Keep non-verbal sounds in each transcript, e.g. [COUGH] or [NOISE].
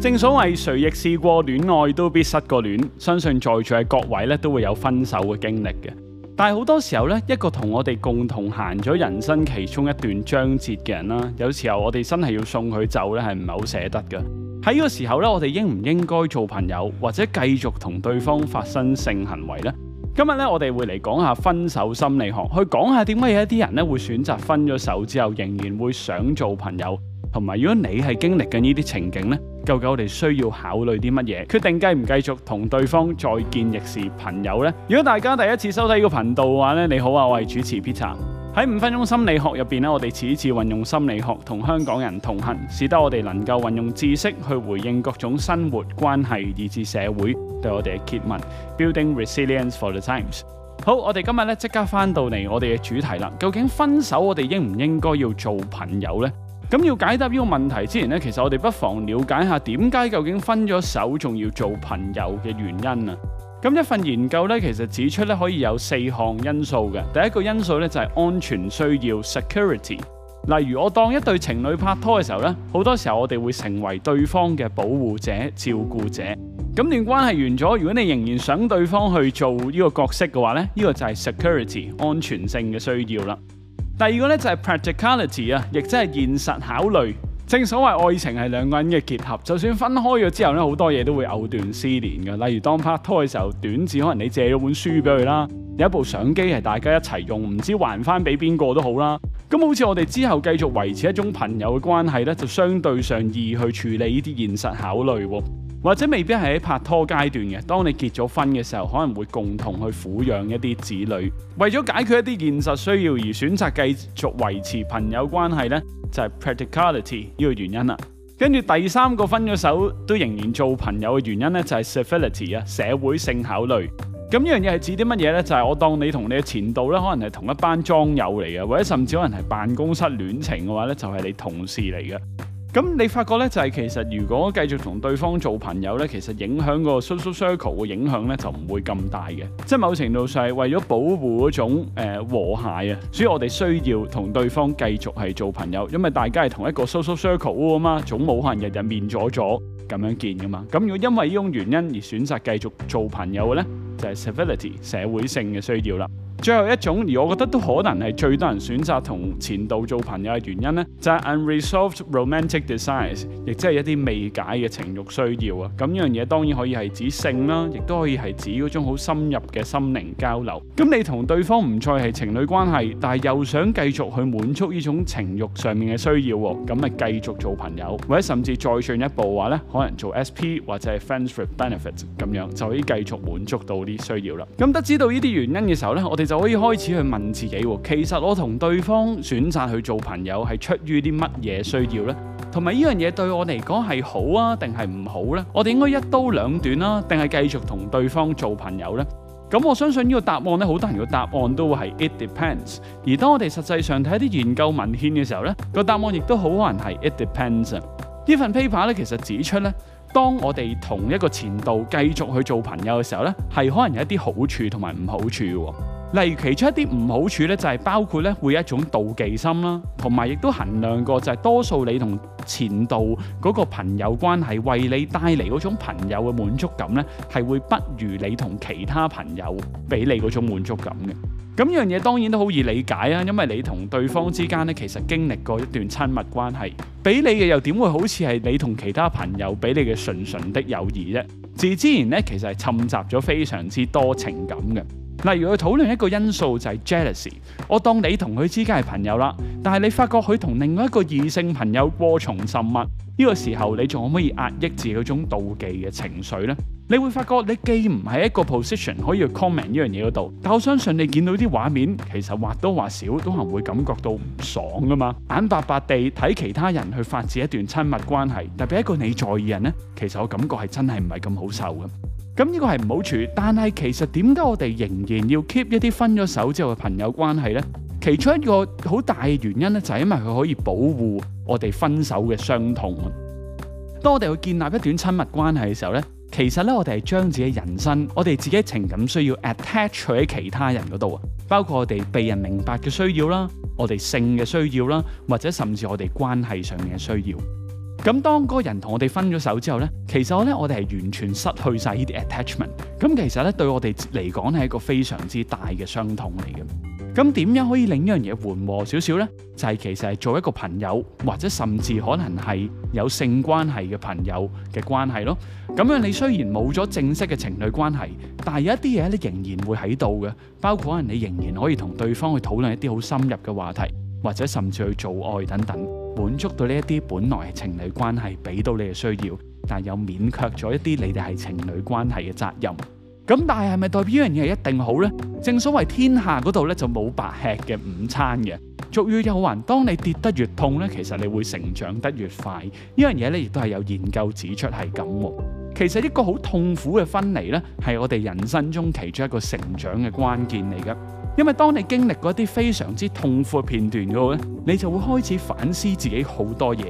正所謂誰亦試過戀愛都必失過戀，相信在座嘅各位咧都會有分手嘅經歷嘅。但係好多時候咧，一個同我哋共同行咗人生其中一段章節嘅人啦、啊，有時候我哋真係要送佢走咧，係唔係好捨得嘅？喺呢個時候咧，我哋應唔應該做朋友，或者繼續同對方發生性行為呢？今日咧，我哋會嚟講下分手心理學，去講下點解有一啲人咧會選擇分咗手之後仍然會想做朋友。同埋，如果你係經歷緊呢啲情景咧，究竟我哋需要考慮啲乜嘢，決定繼唔繼續同對方再見亦是朋友咧？如果大家第一次收睇呢個頻道嘅話咧，你好啊，我係主持 Peter。喺五分鐘心理學入邊咧，我哋次次運用心理學同香港人同行，使得我哋能夠運用知識去回應各種生活關係，以至社會對我哋嘅揭問，Building resilience for the times。好，我哋今日咧即刻翻到嚟我哋嘅主題啦。究竟分手我哋應唔應該要做朋友咧？咁要解答呢個問題之前呢，其實我哋不妨了解下點解究竟分咗手仲要做朋友嘅原因啊。咁一份研究呢，其實指出呢，可以有四項因素嘅。第一個因素呢，就係安全需要 （security）。例如我當一對情侶拍拖嘅時候呢，好多時候我哋會成為對方嘅保護者、照顧者。咁段關係完咗，如果你仍然想對方去做呢個角色嘅話呢，呢個就係 security 安全性嘅需要啦。第二個咧就係 practicality 啊，亦即係現實考慮。正所謂愛情係兩個人嘅結合，就算分開咗之後咧，好多嘢都會藕斷絲連㗎。例如當拍拖嘅時候，短至可能你借咗本書俾佢啦，有一部相機係大家一齊用，唔知還返俾邊個都好啦。咁好似我哋之後繼續維持一種朋友嘅關係咧，就相對上易去處理呢啲現實考慮喎。或者未必係喺拍拖階段嘅，當你結咗婚嘅時候，可能會共同去撫養一啲子女，為咗解決一啲現實需要而選擇繼續維持朋友關係呢，就係、是、practicality 呢個原因啦。跟住第三個分咗手都仍然做朋友嘅原因呢，就係、是、civility 啊，社會性考慮。咁呢樣嘢係指啲乜嘢呢？就係、是、我當你同你嘅前度呢，可能係同一班莊友嚟嘅，或者甚至可能係辦公室戀情嘅話呢，就係、是、你同事嚟嘅。咁你發覺咧，就係其實如果繼續同對方做朋友咧，其實影響個 social circle 嘅影響咧，就唔會咁大嘅。即係某程度上係為咗保護嗰種誒和諧啊，所以我哋需要同對方繼續係做朋友，因為大家係同一個 social circle 啊嘛，總冇可能日日面左左咁樣見噶嘛。咁如果因為呢種原因而選擇繼續做朋友嘅咧，就係 civility 社會性嘅需要啦。最後一種，而我覺得都可能係最多人選擇同前度做朋友嘅原因咧，就係 unresolved romantic desires，亦即係一啲未解嘅情慾需要啊。咁樣嘢當然可以係指性啦，亦都可以係指嗰種好深入嘅心靈交流。咁你同對方唔再係情侶關係，但係又想繼續去滿足呢種情慾上面嘅需要喎，咁咪繼續做朋友，或者甚至再進一步話咧，可能做 SP 或者係 friends with benefits 咁樣，就可以繼續滿足到啲需要啦。咁得知到呢啲原因嘅時候咧，我哋，就可以開始去問自己，其實我同對方選擇去做朋友係出於啲乜嘢需要呢？同埋呢樣嘢對我嚟講係好啊，定係唔好呢？我哋應該一刀兩斷啦，啊，定係繼續同對方做朋友呢？咁、嗯、我相信呢個答案呢，好多人嘅答案都會係 it depends。而當我哋實際上睇一啲研究文獻嘅時候呢，個答案亦都好可能係 it depends。呢份 paper 咧，其實指出呢，當我哋同一個前度繼續去做朋友嘅時候呢，係可能有一啲好處同埋唔好處，哦。例如，其中一啲唔好處咧，就係包括咧會有一種妒忌心啦，同埋亦都衡量過就係多數你同前度嗰個朋友關係，為你帶嚟嗰種朋友嘅滿足感咧，係會不如你同其他朋友俾你嗰種滿足感嘅。咁樣嘢當然都好易理解啊，因為你同對方之間咧其實經歷過一段親密關係，俾你嘅又點會好似係你同其他朋友俾你嘅純純的友誼啫？自自然咧，其實係滲雜咗非常之多情感嘅。例如去討論一個因素就係 jealousy，我當你同佢之間係朋友啦，但係你發覺佢同另外一個異性朋友過從甚密，呢個時候，你仲可唔可以壓抑自己嗰種妒忌嘅情緒呢？你會發覺你既唔係一個 position 可以 comment 呢樣嘢嗰度，但我相信你見到啲畫面，其實或多或少都可能會感覺到唔爽噶嘛。眼白白地睇其他人去發展一段親密關係，特別一個你在意人呢，其實我感覺係真係唔係咁好受嘅。咁呢個係唔好處，但係其實點解我哋仍然要 keep 一啲分咗手之後嘅朋友關係呢？其中一個好大嘅原因咧，就係因為佢可以保護我哋分手嘅傷痛。當我哋去建立一段親密關係嘅時候呢，其實呢，我哋係將自己人生、我哋自己情感需要 attach 喺其他人嗰度啊，包括我哋被人明白嘅需要啦、我哋性嘅需要啦，或者甚至我哋關係上面嘅需要。咁當嗰個人同我哋分咗手之後呢，其實呢，我哋係完全失去晒呢啲 attachment。咁其實呢，對我哋嚟講係一個非常之大嘅傷痛嚟嘅。咁點樣可以令呢樣嘢緩和少少呢？就係其實係做一個朋友，或者甚至可能係有性關係嘅朋友嘅關係咯。咁樣你雖然冇咗正式嘅情侶關係，但係有一啲嘢咧仍然會喺度嘅，包括可能你仍然可以同對方去討論一啲好深入嘅話題，或者甚至去做愛等等。滿足到呢一啲本來係情侶關係俾到你嘅需要，但又勉強咗一啲你哋係情侶關係嘅責任。咁但係係咪代表呢樣嘢係一定好呢？正所謂天下嗰度呢，就冇白吃嘅午餐嘅。俗語有云：當你跌得越痛呢，其實你會成長得越快。呢樣嘢呢，亦都係有研究指出係咁。其實一個好痛苦嘅分離呢，係我哋人生中其中一個成長嘅關鍵嚟嘅。因為當你經歷過一啲非常之痛苦嘅片段嘅話，你就會開始反思自己好多嘢。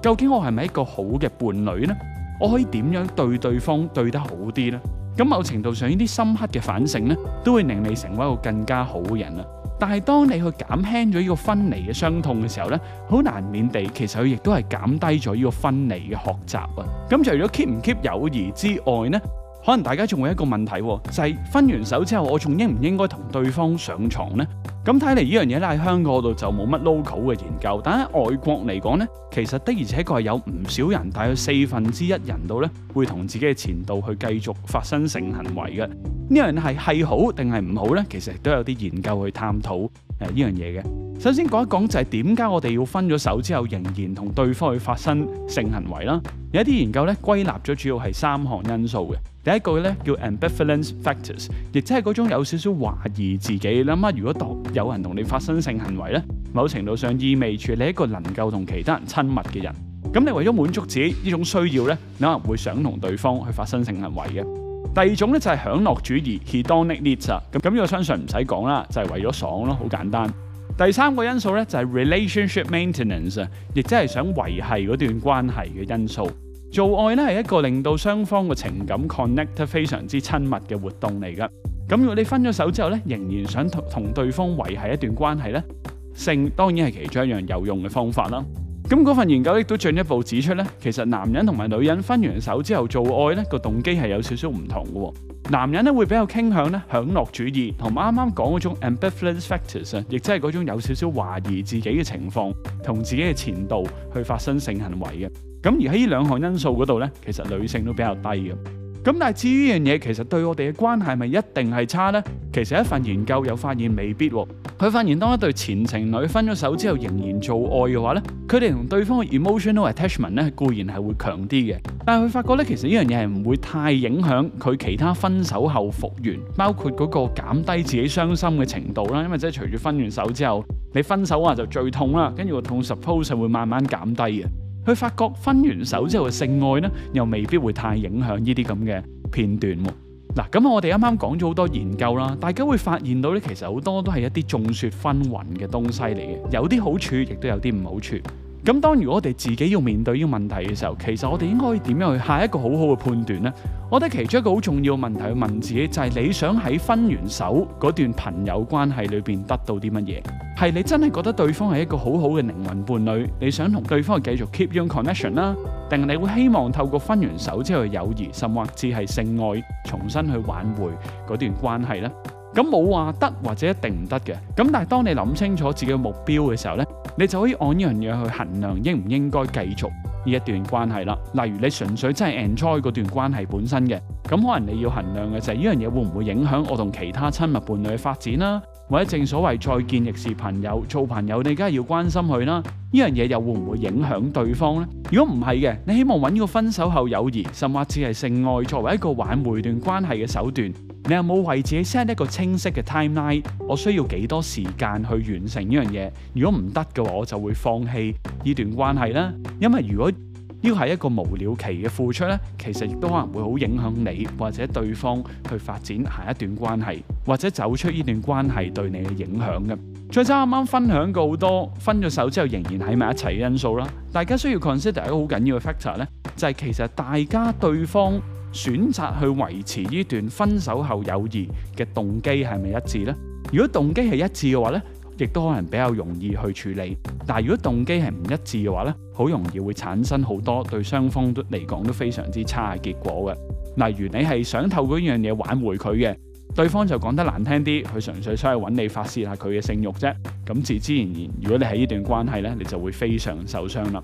究竟我係咪一個好嘅伴侶呢？我可以點樣對對方對得好啲呢？咁某程度上呢啲深刻嘅反省呢，都會令你成為一個更加好嘅人啦。但係當你去減輕咗呢個分離嘅傷痛嘅時候呢，好難免地其實佢亦都係減低咗呢個分離嘅學習啊。咁除咗 keep 唔 keep 友誼之外呢。可能大家仲會有一個問題，就係、是、分完手之後，我仲應唔應該同對方上床呢？咁睇嚟，呢樣嘢喺香港度就冇乜 local 嘅研究，但喺外國嚟講呢，其實的而且確係有唔少人，大約四分之一人度呢，會同自己嘅前度去繼續發生性行為嘅。呢樣係係好定係唔好呢？其實都有啲研究去探討呢樣嘢嘅。首先講一講就係點解我哋要分咗手之後，仍然同對方去發生性行為啦。有一啲研究咧，歸納咗主要係三項因素嘅。第一個咧叫 Ambivalence Factors，亦即係嗰種有少少懷疑自己。諗下如果當有人同你發生性行為咧，某程度上意味住你一個能夠同其他人親密嘅人。咁你為咗滿足自己呢種需要咧，你可能會想同對方去發生性行為嘅。第二種咧就係、是、享樂主義 （Hedonic needs）。咁咁，我相信唔使講啦，就係、是、為咗爽咯，好簡單。第三個因素咧就係 relationship maintenance 啊，亦即係想維係嗰段關係嘅因素。做愛咧係一個令到雙方嘅情感 connect 非常之親密嘅活動嚟㗎。咁如果你分咗手之後咧，仍然想同同對方維係一段關係咧，性當然係其中一樣有用嘅方法啦。咁嗰份研究亦都進一步指出咧，其實男人同埋女人分完手之後做愛咧個動機係有少少唔同嘅、哦。男人咧會比較傾向咧享樂主義，同啱啱講嗰種 ambivalence factors 啊，亦即係嗰種有少少懷疑自己嘅情況同自己嘅前度去發生性行為嘅。咁、嗯、而喺呢兩項因素嗰度咧，其實女性都比較低嘅。咁但係至於呢樣嘢，其實對我哋嘅關係係咪一定係差呢？其實一份研究又發現未必喎、哦。佢發現當一對前情侶分咗手之後，仍然做愛嘅話呢，佢哋同對方嘅 emotional attachment 呢固然係會強啲嘅。但係佢發覺呢，其實呢樣嘢係唔會太影響佢其他分手後復原，包括嗰個減低自己傷心嘅程度啦。因為即係除咗分完手之後，你分手啊就最痛啦，跟住個痛 suppose 會慢慢減低嘅。佢發覺分完手之後嘅性愛咧，又未必會太影響呢啲咁嘅片段嗱，咁、啊、我哋啱啱講咗好多研究啦，大家會發現到呢，其實好多都係一啲眾說紛紜嘅東西嚟嘅，有啲好處，亦都有啲唔好處。咁當如果我哋自己要面對呢個問題嘅時候，其實我哋應該可以點樣去下一個好好嘅判斷呢？我覺得其中一個好重要嘅問題去問自己，就係你想喺分完手嗰段朋友關係裏邊得到啲乜嘢？係你真係覺得對方係一個好好嘅靈魂伴侶，你想同對方去繼續 keep your connection 啦，定係你會希望透過分完手之後嘅友誼，甚或至係性愛，重新去挽回嗰段關係呢？咁冇話得或者一定唔得嘅。咁但係當你諗清楚自己嘅目標嘅時候呢，你就可以按呢樣嘢去衡量應唔應該繼續呢一段關係啦。例如你純粹真係 enjoy 嗰段關係本身嘅，咁可能你要衡量嘅就係呢樣嘢會唔會影響我同其他親密伴侶嘅發展啦。或者正所謂再見亦是朋友，做朋友你梗係要關心佢啦。呢樣嘢又會唔會影響對方呢？如果唔係嘅，你希望揾呢個分手後友誼，甚至係性愛作為一個挽回段關係嘅手段，你有冇為自己 set 一個清晰嘅 timeline？我需要幾多時間去完成呢樣嘢？如果唔得嘅話，我就會放棄呢段關係啦。因為如果要係一個無了期嘅付出咧，其實亦都可能會好影響你或者對方去發展下一段關係，或者走出呢段關係對你嘅影響嘅。再者啱啱分享過好多分咗手之後仍然喺埋一齊嘅因素啦，大家需要 consider 一個好緊要嘅 factor 咧，就係其實大家對方選擇去維持呢段分手後友誼嘅動機係咪一致咧？如果動機係一致嘅話咧，亦都可能比較容易去處理，但係如果動機係唔一致嘅話咧，好容易會產生好多對雙方都嚟講都非常之差嘅結果嘅。例如你係想透過一樣嘢挽回佢嘅，對方就講得難聽啲，佢純粹想去揾你發泄下佢嘅性慾啫，咁自自然然，如果你喺呢段關係咧，你就會非常受傷啦。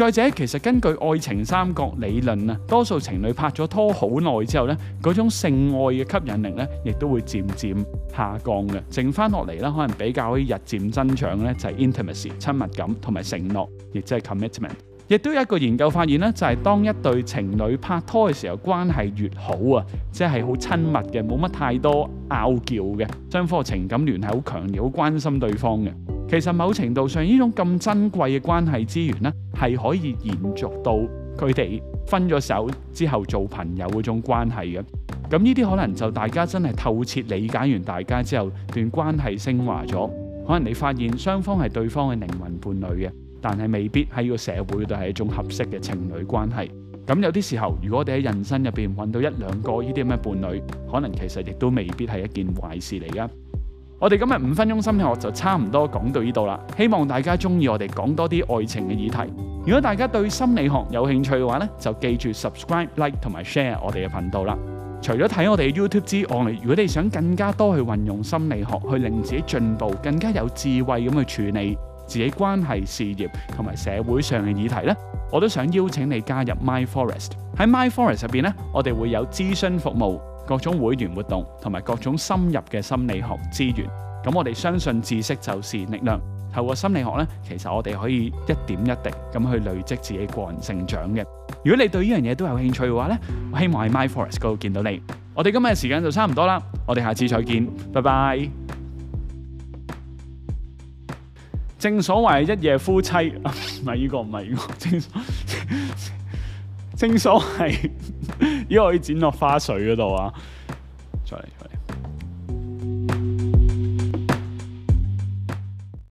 再者，其實根據愛情三角理論啊，多數情侶拍咗拖好耐之後咧，嗰種性愛嘅吸引力咧，亦都會漸漸下降嘅。剩翻落嚟啦，可能比較可以日漸增長咧，就係 intimacy 親密感同埋承諾，亦即係 commitment。亦都有一個研究發現咧，就係、是、當一對情侶拍拖嘅時候，關係越好啊，即係好親密嘅，冇乜太多拗撬嘅，雙方情感聯繫好強烈，好關心對方嘅。其實某程度上，呢種咁珍貴嘅關係資源呢，係可以延續到佢哋分咗手之後做朋友嗰種關係嘅。咁呢啲可能就大家真係透徹理解完大家之後，段關係升華咗。可能你發現雙方係對方嘅靈魂伴侶嘅，但係未必喺個社會度係一種合適嘅情侶關係。咁有啲時候，如果你喺人生入邊揾到一兩個呢啲咁嘅伴侶，可能其實亦都未必係一件壞事嚟㗎。我哋今日五分鐘心理學就差唔多講到呢度啦，希望大家中意我哋講多啲愛情嘅議題。如果大家對心理學有興趣嘅話呢就記住 subscribe、like 同埋 share 我哋嘅頻道啦。除咗睇我哋 YouTube 之外，如果你想更加多去運用心理學去令自己進步，更加有智慧咁去處理自己關係、事業同埋社會上嘅議題呢，我都想邀請你加入 MindForest。喺 MindForest 入邊呢，我哋會有諮詢服務。各種會員活動同埋各種深入嘅心理學資源，咁我哋相信知識就是力量。透過心理學呢，其實我哋可以一點一滴咁去累積自己個人成長嘅。如果你對呢樣嘢,都有興趣嘅話呢，我希望喺 MindForest 嗰度見到你。我哋今日嘅時間就差唔多啦，我哋下次再見，拜拜。正所謂一夜夫妻，唔係呢個，唔係呢個。清爽係，依 [LAUGHS] 可以剪落花絮嗰度啊，再嚟。